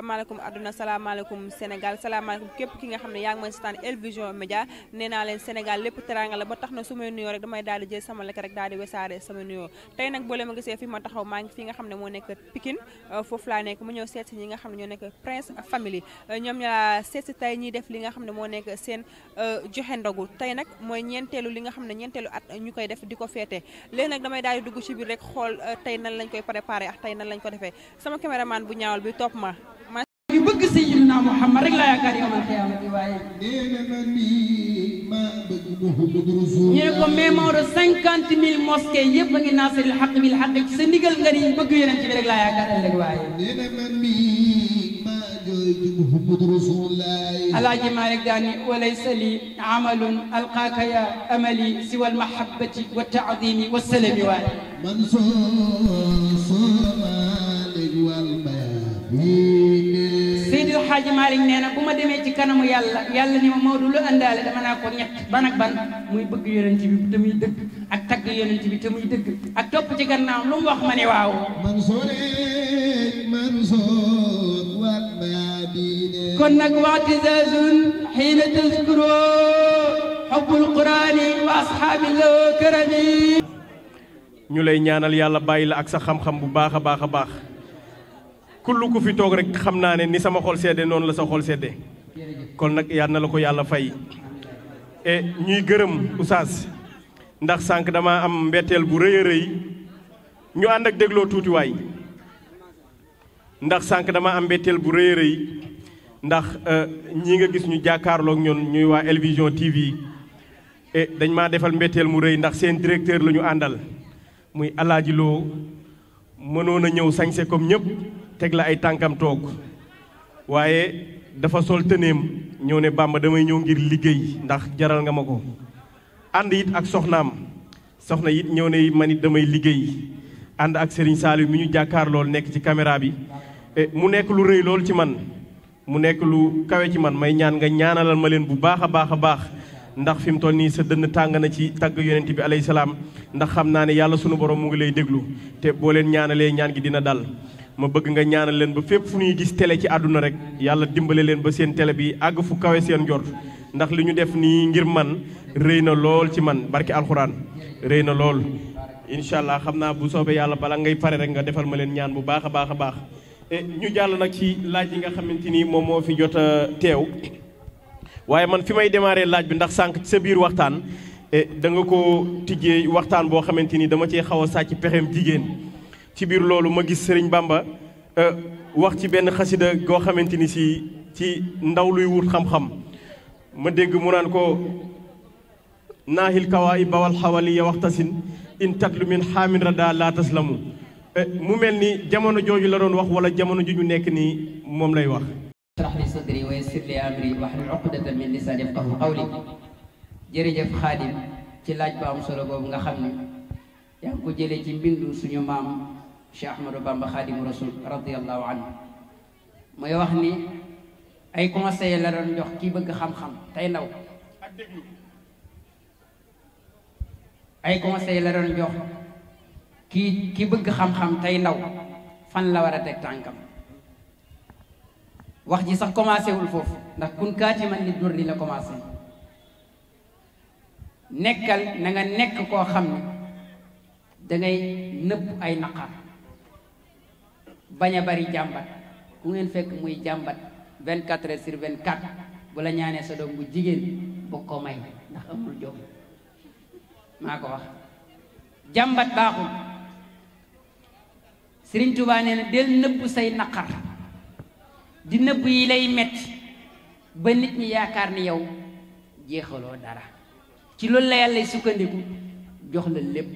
salaamaaleykum àdduna salaamaaleykum Sénégal salaamaaleykum képp ki nga xam ne yaa ngi may seetaan El Vision Média nee naa leen Sénégal lépp teranga la ba tax na su may nuyoo rek damay daal di jël sama lekk rek daal di wesaare sama nuyoo tey nag boo leen ma gisee fi ma taxaw maa ngi fi nga xam ne euh, laa nekk mu seet si ñi nga ne ñoo nekk Prince Family euh, ñoom ñaa seet si tey def li nga xam ne moo nekk seen euh, joxe ndogu tey nag mooy ñeenteelu li nga xam ne ñeenteelu at ñu koy def di ko feete léegi nag damay daal di dugg ci biir rek xool tey nan lañ koy préparé ak tey nan lañ ko defee sama caméraman bu ñaawal bi topp ma Seydina Muhammad rek laa yaakaar yow man xiyaama bi waaye. nee na ma nii maa bëgg Muhammadu Rasul. ñu ne ko mais Maodo cinquante mille mosquées yëpp a ngi naasiril xaq bil xaq ci sa ndigal nga ni bëgg yonent bi rek laa yaakaar ëllëg waaye. nee na ma nii maa jooy ci Muhammadu Rasulullaay. Alaaji Malik daa ni walaysa li amalun alqaaka ya amali siwa almahabbati wa taadimi wa salami waaye. man soo soo maalik wal bayaa Haji Malick nee buma deme ci kanamu yalla yalla ni ma Maodo lu àndaale dama na ko ñet ban ak ban muy bëgg yoonent bi te muy dëgg ak tag yoonent bi te muy dëgg ak top ci gannaam lu mu wax ma ne waaw kon nag zazun hina tazkuru hubul quraani wa ashaabi karami ñu lay ñaanal yalla bàyyi ak sa xam-xam bu baaxa baaxa baax kullu ku fi toog rek xam naa ne ni sama xol sedde noonu la sa xol sedde kon nag yal na la ko yàlla fay e ñuy gërëm usaas ndax sànq dama am mbetteel bu rëy a rëy ñu ànd ak dégloo tuutiwaay ndax sànq dama am mbetteel bu rëy a rëy ndax e, ñii nga gis ñu jàkkaarloog ñun ñuy waa El Vision yi e dañ maa defal mbetteel mu rëy ndax seen directeur la ñu àndal muy alaaji loo mënoon a ñëw sañse kom ñëpp teg la ay tànkam toog waaye dafa sol tëneem ñëw ne Bamba damay ñëw ngir liggéey ndax jaral nga ma ko ànd it ak soxnaam soxna yit ñëw ne man it damay liggéey ànd ak Serigne Saliou mi ñu jàkkaar lool nekk ci caméra bi eh, mu nekk lu rëy lool ci man mu nekk lu kawe ci man may ñaan nga ñaanalal ma leen bu baax a baax a baax ndax fim mu toll nii sa deun tàng na ci tag yonent bi alayhi salam ndax xam ne yalla sunu borom mu ngi lay deglu te bo len ñaanale ñaan gi dina dal ma bëgg nga ñaanal len ba fepp fu ñuy gis télé ci aduna rek yalla dimbalé len ba seen télé bi ag fu kawé seen njort ndax li ñu def ni ngir man reyna lool ci man barki alquran reyna lool inshallah xamna bu soobe yalla bala ngay pare rek nga defal ma len ñaan bu baaxa baaxa baax eh, ñu jall nak ci laaj yi nga xamanteni mom mo fi jotta tew waaye man fi may démarrer laaj bi ndax sànq ci sa biir waxtaan eh, da nga ko tijjee waxtaan boo xamante ni dama cee xaw a sàcc pexeem jigéen ci biir loolu ma gis Serigne Bamba eh, wax ci benn xasida goo xamante ni si ci ndaw luy wut xam-xam ma dégg mu naan ko naahil kawaayi bawal xawali ya waxtasin in tatlu min xaamin rada laa taslamu eh, mu mel ni jamono jooju la doon wax wala jamono ji ñu nekk nii moom lay wax اشرح لي صدري ويسر لي امري واحلل عقدة من لساني يفقهوا قولي جيرجف خادم ci laaj bu am solo boobu nga xamni ne ko jele ci bindu suñu mam Cheikh Ahmadou Bamba khadim rasul radiyallahu anhu moy wax ni ay conseil la don jox ki bëgg xam-xam tay naw ay conseil la don jox ki ki bëgg xam-xam tay naw fan la wara tek tankam wax ji sax commencé wul fofu ndax kun kaatiman li durri la commencé nekkal na nga nekk ko xamni da ngay nepp ay naqar baña bari jambat ku ngeen fekk muy jambat 24 heures sur 24 bu la ñaanee sa doom bu jigen bu ko may ndax amul jom mako wax jambat baaxul serigne touba neena del nepp say naqar di nëbb yi lay metti ba nit ñi yaakaar ni yow jeexaloo dara ci loolu la yàlla sukkandiku jox la lépp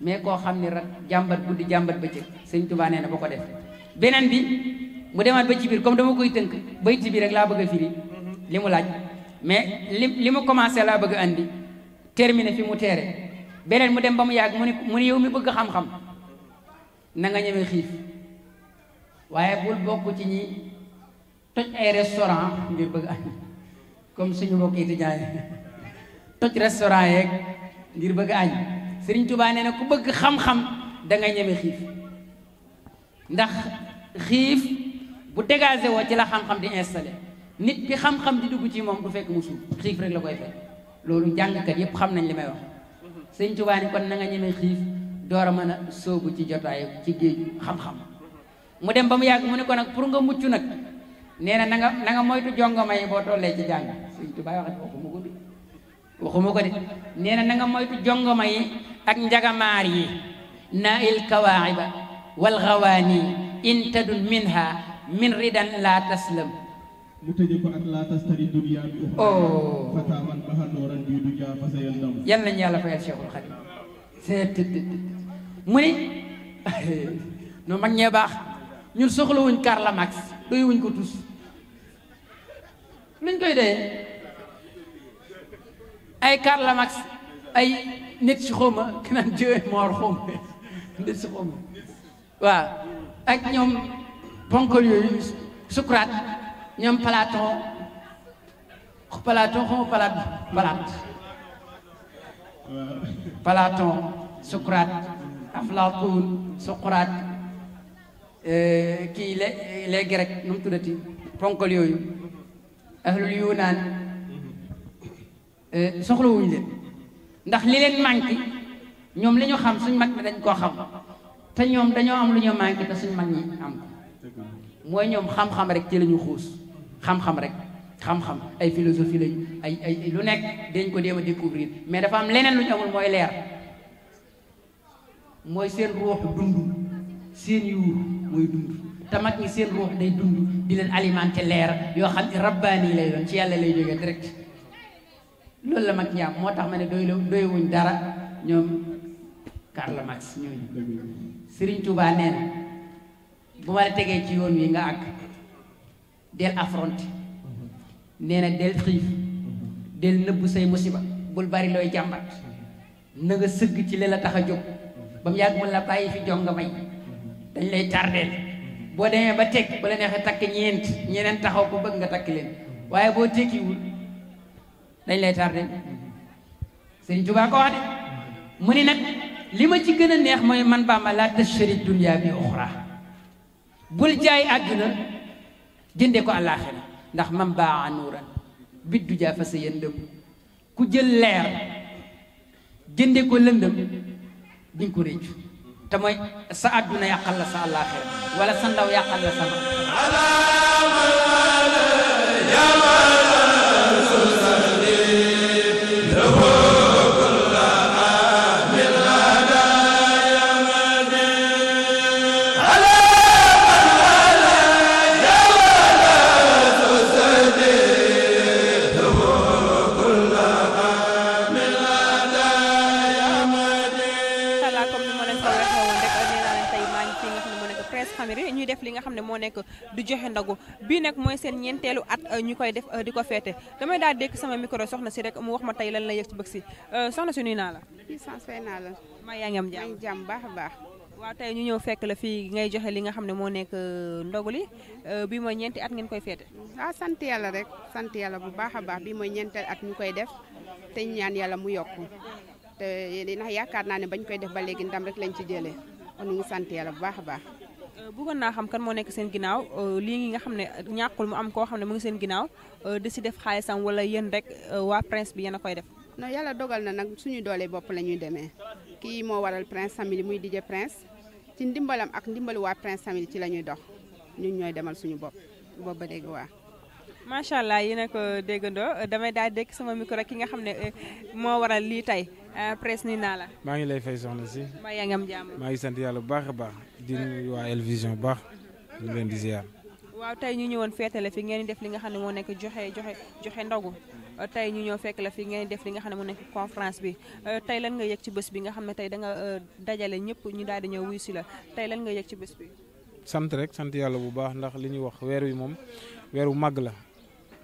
mais koo xam ni rat jàmbat guddi jàmbat bëccëg sëñ Tuubaa nee na boo ko def beneen bi mu demaat ba ci biir comme dama koy tënk bayti bi rek laa bëgg a firi li mu laaj mais li li mu commencé laa bëgg a andi terminé fi mu teere beneen mu dem ba mu yàgg mu ni mu ni yow mi bëgg xam-xam na ñeme xiif waaye bul bokk ci ñi toj ay restaurant ngir bëgg añ comme suñu mbokk yi tijaan yi toj restaurant yeeg ngir bëgg añ Sëriñ Tuubaa nee ku bëgg xam-xam da nga ñeme xiif ndax xiif bu dégagé woo ci la xam-xam di installé nit ki xam-xam di dugg ci moom du fekk mu xiif rek la koy fekk loolu jàngkat yépp xam nañ li may wax Sëriñ Tuubaa ni kon na nga ñeme xiif door a mën a sóobu ci jotaayu ci géeju xam-xam mu dem ba mu yàgg mu ne ko nag pour nga mucc nag nee na na nga moytu jongama yi boo tollee ci jàng Sëñ Tuubaa waxat waxuma ko de waxuma ko na na nga moytu jongama yi ak njagamaar yi na il kawaaxiba wal xawaani in tadun minha min ridan laa taslam mu tëjee ko ak oh. fa yal nañu yàlla mu ni non mag ñee baax ñun soxlawuñ Karl Marx doyuwuñ ko tus luñ koy dee ay Karl Marx ay nit si xawma kenaan Dieu mort xawma nit si xawma waaw ak ñoom ponkal yooyu Socrate ñoom Platon Platon xawma Plat Plat Platon Socrate Aflatun Socrate Euh, kii le les Grecs nu tuddati ponkal yooyu ahlul yunaan euh, soxlawuñu leen ndax li leen manqué ñoom li ñu xam suñ mag mi dañ koo xam te ñoom dañoo am lu ñu manqué te suñ mag am mooy ñoom xam-xam rek ci lañu xuus xam-xam rek xam-xam ay philosophie lañu ay ay lu nekk dañ ko dem a découvrir mais dafa am leneen lu ñu amul mooy leer mooy seen ruux dund seen yuur mooy dund te mag ñi seen ruux day dund di leen alimenté leer yoo xam ne rabbaani lay doon ci yàlla lay jógee direct loolu la mag ñi moo tax ma ne doy doywuñ dara ñoom Karl Marx ñooñu Sëriñ Tuubaa nee na bu ma la tegee ci yoon wi nga àgg del affronté nee na del xiif del nëbbu say musiba bul bari looy jàmbat na nga sëgg ci li la tax a jóg ba mu yàgg mun la bàyyi fi jong may dañ lay tardeel boo demee ba tekki bu la neexee takk ñeent ñeneen taxaw ko bëgg nga takk leen waaye boo tekkiwul dañ lay tardeel sëriñ Tuubaa ko wax de mu ni nag li ma ci gën a neex mooy man Bàmba laa tashtari dunya bi uxra bul jaay àdduna jënde ko àllaaxira ndax man baa nuuran biddu jaa fa sa yëndëm ku jël leer jënde ko lëndëm di nga ko réccu تمي سا ادنا يقل سا خير ولا سن لو يقل سن على ما يا مالا nek du joxe ndagu bi nek moy sen ñentelu at euh, ñukoy def euh, diko fété damay daal dékk sama micro soxna ci rek mu wax ma tay lan la yex ci bëksi euh soxna si nuyu na la ma ya ngam jam jam baax baax waaw ñu ñew fekk la fi ngay joxe li nga xamne mo nek euh, ndogu li bi ñenti at ngeen koy fété ah sante yalla rek sante yalla bu baaxa baax bi ñentel at ñukoy def te ñaan yalla mu yokk te ndax yaakaar naa ne bañ koy def ba léegi ndam rek lañ ci jëlee kon ñu ngi sant yàlla bu baax baax Euh, bëggoon naa xam kan moo nekk seen ginnaaw euh, lii ngi nga xam ne ñàkkul mu am koo xam ne mu ngi seen ginnaaw euh, da si def xaalisam wala yéen rek waa prince bi yéen a koy def. non yàlla dogal na nag suñu doolee bopp la ñuy demee kii moo waral prince family muy DJ prince ci ndimbalam ak ndimbalu waa prince family ci la ñuy dox ñun ñooy demal suñu bopp boobu ba léegi waa macha allah yéen a ko damay da dekk sama micro ki nga xamne mo eh, moo waral lii tey eh, presse ni nala ma ngi lay fay soxna si. ma ya ngam am ma ngi sant yalla bu bax a di nuyu waa El Vision bu ñu len di ziar. waaw tay ñu ñëwoon feetale fi ngeen def li nga xamne mo nek nekk joxe joxe joxe ndogu eh, tay ñu ñëw fekk la fi ngeen def li nga xamne mo nek conférence bi tay lan nga yëg ci bëss bi nga xamne tay da nga dajalé ñëpp ñu daal di ñew wuyu si la tay lan nga yëg ci bëss bi. sant rek sant yalla bu baax ndax li ñu wax wër wi mom weer wu màgg la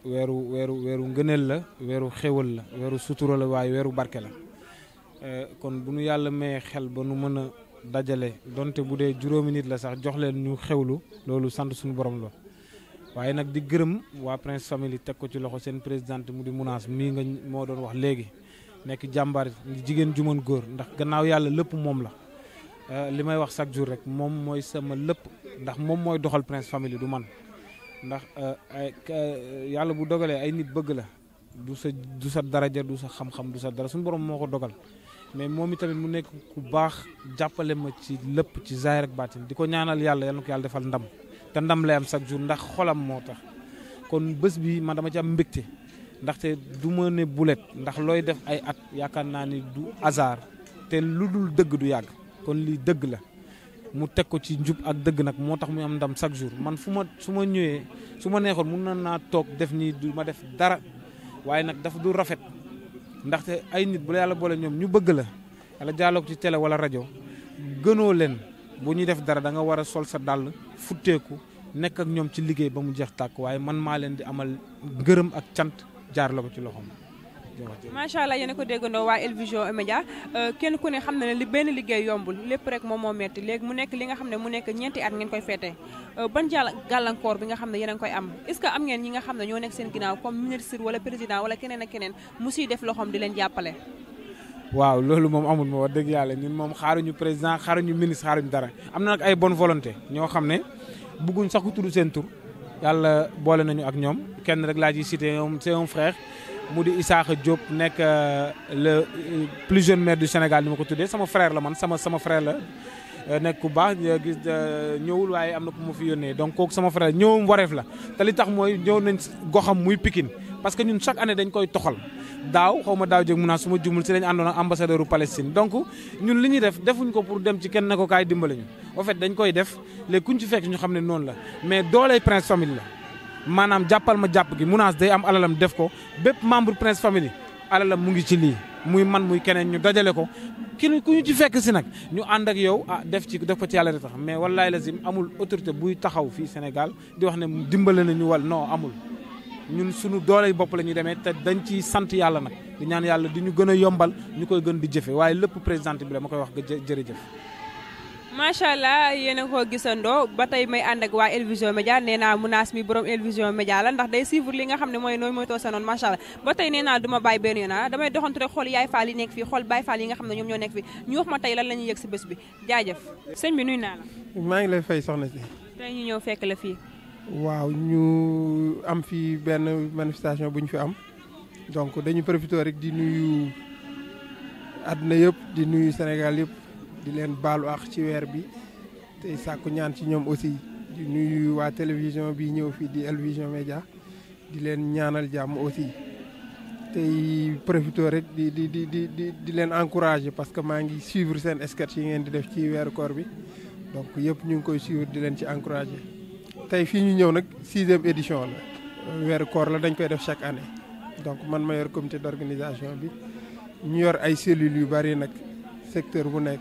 weeru weeru weeru ngëneel la weeru xéwal la weeru sutura la waaye weeru barke la euh, kon bu nu yàlla mayee xel ba nu mën a dajale donte bu dee juróomi nit la sax jox leen ñu xewlu loolu sant suñu borom la waaye nag di gërëm waa Prince Family teg ko ci loxo seen présidente mu di munaas mii nga moo doon wax léegi nekk jàmbaar jigéen ju mën góor ndax gannaaw yàlla lépp moom la euh, li may wax chaque jour rek moom mooy sama lépp ndax moom mooy doxal Prince Family du man ndax euh, ay yàlla bu dogalee ay nit bëgg la du sa du sa daraja du sa xam-xam du sa dara suñu borom moo ko dogal mais moom tamit mu nekk ku baax jàppale ma ci lépp ci zaahir ak baatin di ko ñaanal yàlla yal na ko yàlla defal ndam te ndam lay am chaque jour ndax xolam moo tax kon bés bi ma dama ci am mbégte ndaxte du ma ne bulet ndax looy def ay at yaakaar naa ni du hasard te lu dul dëgg du yàgg kon lii dëgg la mu teg ko ci njub ak dëgg nag moo tax muy am ndam chaque jour man fu ma su ma ñëwee su ma neexoon mun na naa toog def nii du ma def dara waaye nag dafa du rafet ndaxte ay nit bu la yàlla boole ñoom ñu bëgg la yàlla jaaloo ko ci télé wala rajo gënoo leen bu ñuy def dara da nga war a sol sa dàll futteeku nekk ak ñoom ci liggéey ba mu jeex tàkk waaye man maa leen di amal ngërëm ak cant jaar ko ci loxoom. macha allah yéen a ko déggandoo waa El Vision Médias euh, kenn ku ne xam na ne li benn liggéey yombul lépp rek moom moo metti léegi mu nekk li nga xam ne mu nekk ñeenti at ngeen koy feete euh, ban jàll gàllankoor bi nga xam ne yéen a ngi koy am est-ce que am ngeen ñi nga xam ne ñoo nekk seen ginnaaw comme ministre wala président wala keneen ak keneen mu siy def loxoom di leen jàppale waaw loolu moom amul moo wax dëgg yàlla ñun moom xaaruñu président xaaruñu ministre xaaruñu dara am na nag ay bonne volonté ñoo xam ne bëgguñ sax ku tudd seen tur yàlla boole nañu ak ñoom kenn rek laa ciy cité ñoom c'est un frère mu di Diop nek euh, le euh, plus jeune maire du Sénégal ni ma ko tuddee sama frère la man sama sama frère la euh, nek ku baax gis ñëwul waaye amna na ku ma fi yónnee donc kooku sama frère ñëwum wareef la té li tax moy ñëw nañ goxam muy Pikine parce que ñun chaque année dañ koy toxal daw xawma daw daaw muna suma naa su jumul si lañ andona ak ambassadeur u Palestine donc ñun li def defuñ ko pour dem ci kenn nako kay dimbalé ñu en fait dañ koy def les kuñ ci fekk ñu xamné non la mais dolay Prince Famille la maanaam jàppal ma jàpp gi munaas day am alalam def ko bépp membre Prince Family alalam mu ngi ci lii muy man muy keneen ñu dajale ko ki ku ñu ci fekk si nag ñu ànd ak yow ah def ci def ko ci yàlla rek tax mais wallaay lazim amul autorité buy taxaw fii Sénégal di wax ne dimbale nañu wal noo amul ñun suñu doole bopp la ñuy demee te dañ ciy sant yàlla nag di ñaan yàlla di ñu gën a yombal ñu koy gën di jëfe waaye lépp président bi la ma koy wax jërëjëf macha allah yéen a ko gisandoo ba tey may ànd ak waa El Vision Média nee naa munaas mi borom El Vision Média la ndax day suivre li nga xam ne mooy nooy mooy too sa noonu macha allah ba tey nee naa du ma bàyyi benn yoon ah damay doxantu rek xool yaay faal yi nekk fii xool baay faal yi nga xam ne ñoom ñoo nekk fii ñu wax ma tey la ñuy yëg si bés bi jaajëf sëñ bi nuyu naa la. maa ngi lay fay soxna si. tey ñu ñëw fekk la fii. waaw ñu am fii benn manifestation bu ñu fi am donc dañu profité rek di nuyu àdduna yëpp di nuyu Sénégal yëpp di len balu ak ci weer bi tey sàkku ñaan ci ñom aussi di nuyu wa télévision bi ñëw fi di Elvision Média di len ñaanal jamm aussi tey profito rek di di di di di di len encourager parce que ma ngi suivre sen sketch yi ngeen di def ci weeru koor bi donc yépp ñu ngi koy suivre di len ci encourager tay fi ñu ñëw 6e édition la weeru koor la dañ koy def chaque année donc man ma yor comité d'organisation bi ñu yor ay cellules yu bari nak secteur bu nek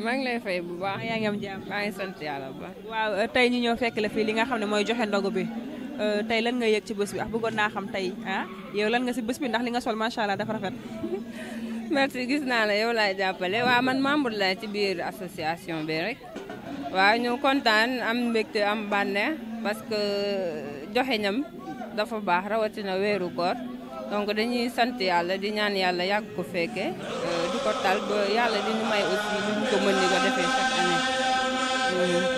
maa ngi lay fay bu baax. yaa ngi am jàmm maa sant yàlla bu baax. waaw euh, tey ñu ñëw fekk la fii li nga xam ne mooy joxe ndogu bi euh, tey lan nga yëg ci bës bi ak ah, bëggoon naa xam tey ah yow lan nga si bés bi ndax li nga sol macha allah dafa rafet. merci gis naa la yow laay jàppale waa man membre laa ci biir association bi rek. waaw ñu kontaan am mbégte am bànneex parce que euh, joxe ñam dafa baax rawatina weeru koor donc dañuy sant yàlla di ñaan yàlla yàgg ko fekkee. gàllankoortal ba yàlla dina may aussi lu ñu ko mën di ko defee chaque année.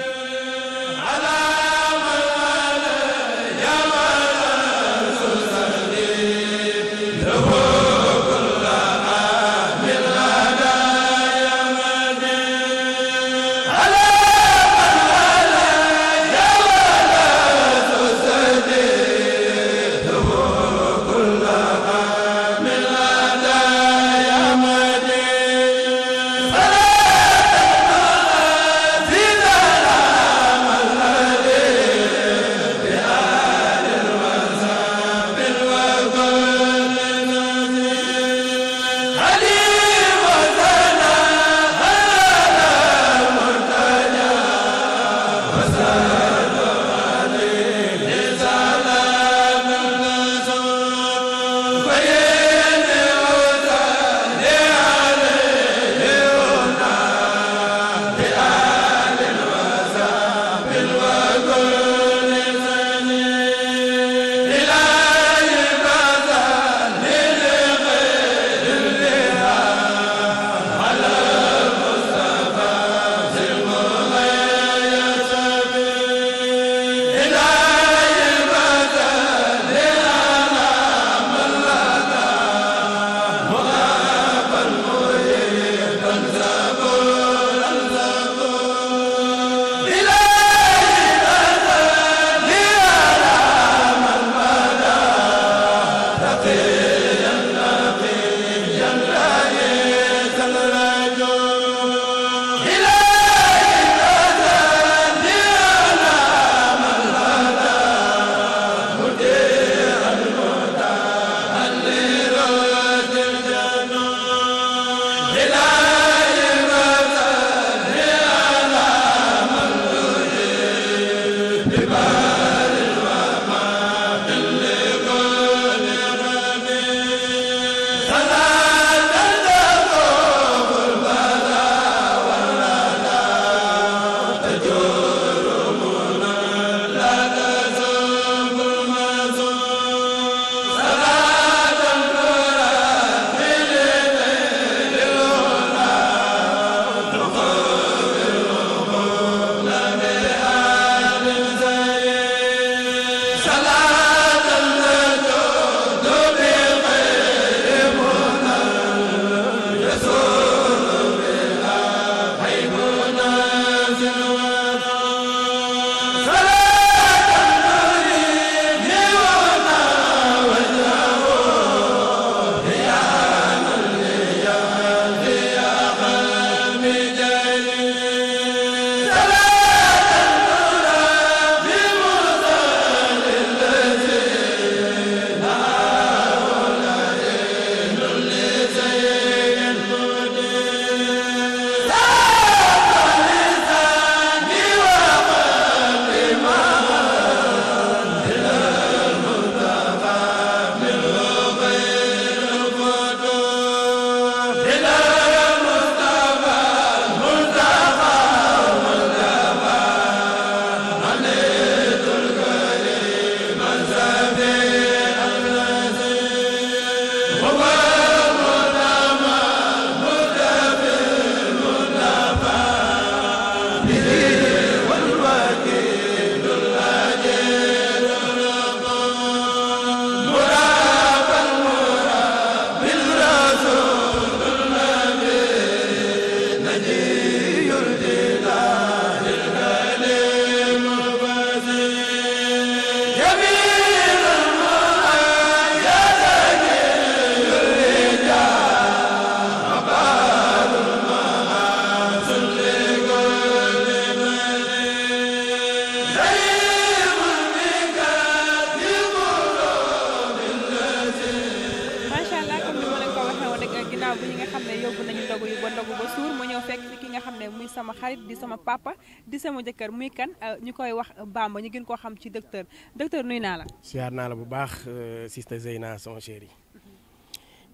toogu ba suur ma ñëw fekk ci ki nga xam muy sama xarit di sama papa di sama jëkkër muy kan euh, ñu koy wax bamba ñu gën koo xam ci docteur docteur nuy naa la siyaar bu baax euh, sista zeyna son chéri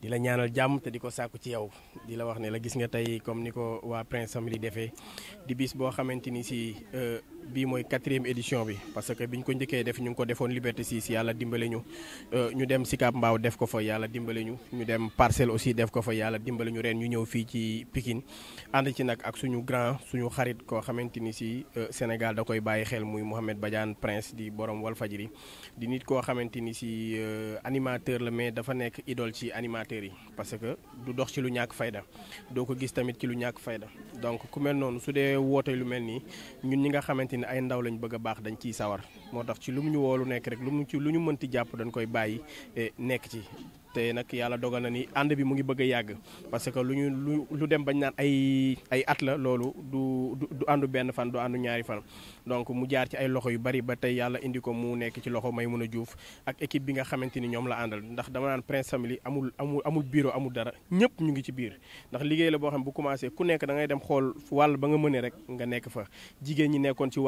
di la ñaanal jàmm te di ko ci yow di la wax ne la gis nga tey comme ni ko prince family defee di bis boo xamante ni si euh, bii mooy quatrième édition bi parce que biñ ko njëkkee def ñu ngi ko defoon Liberté 6 yàlla dimbale ñu euh, ñu dem Sicap Mbao def ko fa ala dimbale ñu ñu dem Parcelles aussi def ko fa ñu ren ñu ñëw fii ci Pikine ànd ci nag ak suñu grand suñu xarit koo xamante si euh, Sénégal da koy bàyyi xel muy Mouhamed Prince di borom Walfadjri di nit ko xamante ni si euh, animateur la mais dafa nekk idole ci animateurs yi parce que du dox ci lu ñàkk fayda doo ko gis tamit ci lu ñàkk fayda donc ku mel noonu su dee lu ñun ñi nga xamante ay ndaw lañu bëgg a baax dañ ciy sawar moo tax ci lu mu ñu woolu nekk rek lu mu ci lu ñu mënti jàpp dañu koy bàyyi eh, nekk ci te nak yàlla dogal na ni ànd bi mu ngi bëgg a parce que lu lu dem bañ ay ay at la loolu du du àndu benn fan du àndu ñaari fan donc mu jaar ci ay loxo yu bari ba tey yàlla indi ko mu nekk ci loxo Maimouna Diouf ak équipe bi nga xamante ni la àndal ndax dama naan Prince Family amul amul amul bureau amul dara ñëpp ñu ngi ci biir ndax liggéey la boo xam bu commencé ku nekk da ngay dem xool wàll ba nga mënee rek nga nekk fa jigéen ñi ci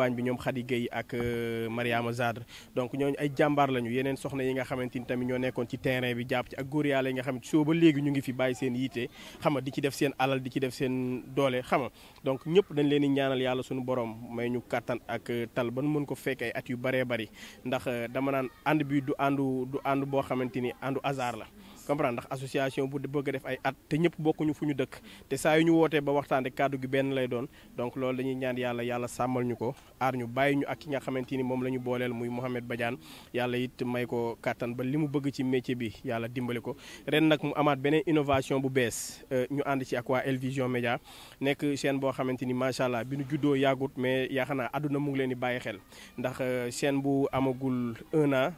bi ak euh, Mariama Zadr donc ñooñu ay jambar lañu yeneen soxna yi nga xamante ni tamit ñoo nekkoon ci terrain bi ci ak góor yàlla yi nga xam ne soo ba léegi ñu ngi fi bàyyi seen yiite xam nga di ci def seen alal di ci def seen doole xam nga donc ñëpp dañ leen di ñaanal yàlla suñu borom may ñu kàttan ak tal ban mën ko fekk ay at yu baree bari ndax dama naan ànd bi du àndu du ànd boo xamante ni àndu hasard la comprendre ndax association bu bëgg a def ay at te ñëpp bokkuñu fu ñu dëkk te saa yu ñu wootee ba waxtaan rek kàddu gi benn lay doon donc loolu dañuy ñaan yàlla yàlla sàmmal ñu ko aar ñu bàyyi ñu ak ki nga xamante ni moom la ñu booleel muy Mouhamed Badiane yàlla it may ko kàttan ba li mu bëgg ci métier bi yàlla dimbali ko ren nag mu amaat beneen innovation bu bees euh, ñu ànd ci ak waa Elvision Média nekk chaîne boo xamante ni macha allah bi nu juddoo yàggut mais yaakaar naa àdduna mu ngi leen di bàyyi xel ndax euh, chaîne bu amagul un an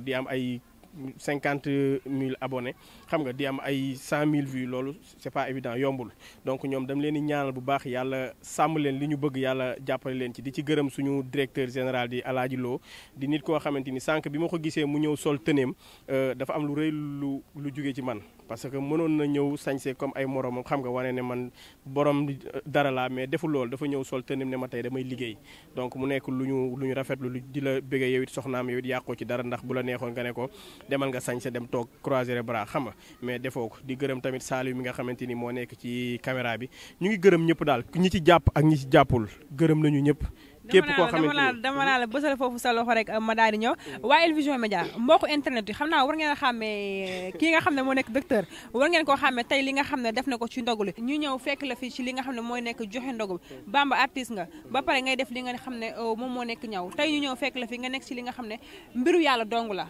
di am ay 50 000 abonnés xam nga di am ay vues c'est pas évident donc nous dam leen ñaanal bu baax Yalla sam leen li bëgg Yalla jappalé leen ci di directeur général di Aladji Lo di nit ko mu sol euh, dafa am lu parce que mënoon na ñëw sañse comme ay moromam xam nga wane ne man borom dara laa mais deful loolu dafa ñëw sol tënim ne ma tey damay liggéey donc mu nekk lu ñu lu ñu rafetlu lu di la bëggee yow it soxnaam yow it yàqoo ci dara ndax bu la neexoon nga ne ko demal nga sañse dem toog croiser les bras xam nga mais defoo ko di gërëm tamit Saliou mi nga xamante ni moo nekk ci caméra bi ñu ngi gërëm ñëpp daal ñi ci jàpp ak ñi ci jàppul gërëm nañu ñëpp képp koo xamante ni dama naa la bësal foofu sa loxo rek ma daal di ñëw waa El Vision Média mbokku internet yi xam naa war ngeen a xàmmee eh, kii nga xam ne moo nekk docteur war ngeen koo xàmmee tey nga xam ne def na ko ci ndogul ñu ñëw fekk la fii li nga xam ne mooy nekk joxe ndogul bamba artiste nga ba pare ngay def li nga xam ne oh, moom moo nekk ñaw tey ñu ñëw fekk la fi nga nekk ci li nga xam ne mbiru yàlla dong la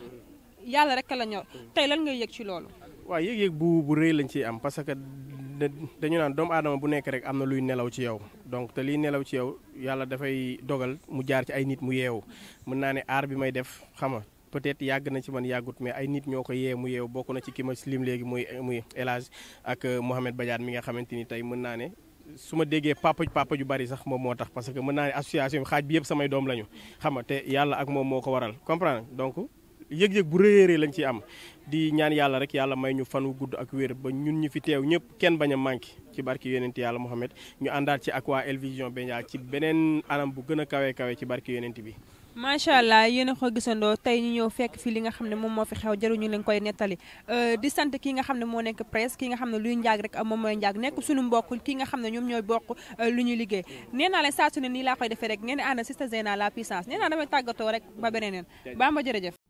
yàlla rek la ñor tey lan ngay yëg ci loolu waaw yëg-yëg bu bu rëy lañ ci am parce que dañu naan doomu aadama bu nekk rek am na luy nelaw ci yow donc te liy nelaw ci yow yàlla dafay dogal mu jaar ci ay nit mu yeewu mën naa ne aar bi may def xam nga peut-être yàgg na ci man yàggut mais ay nit ñoo ko yee mu yeew bokk na ci ki ma lim léegi muy muy El Hadj ak euh, Mohamed Badiane mi nga xamante ni tey mën naa ne su ma déggee papa papa ju bari sax moom moo tax parce que mën naa ne association bi xaaj bi yëpp samay doom lañu xama te yàlla ak moom moo ko waral comprendre yëg-yëg bu réyéeree lañ ci am di ñaan yàlla rek yàlla may ñu fan wu gudd ak wér ba ñun ñu fi teew ñëpp kenn bañ a manqué ci barki yonent yàlla Mohamed ñu àndaat ci ak waa Elvision Média beneen anam bu gën a kawe kawe ci barki yonent bi macha allah yéen a ko tey ñu ñëw fekk fi li nga xam ne moom moo fi xew jaruñu leen koy nettali euh, di sant ki nga xam ne moo nekk presse ki nga xam ne luy njaag rek moom mooy njaag nekk suñu mbokk ki nga xam ne ñoom ñoo bokk euh, lu ñuy liggéey nee naa leen saa su ne nii laa koy defee rek ngeen ànd Sister Zeyna la puissance nee naa damay tàggatoo rek ba beneen yoon ba ma jërëjëf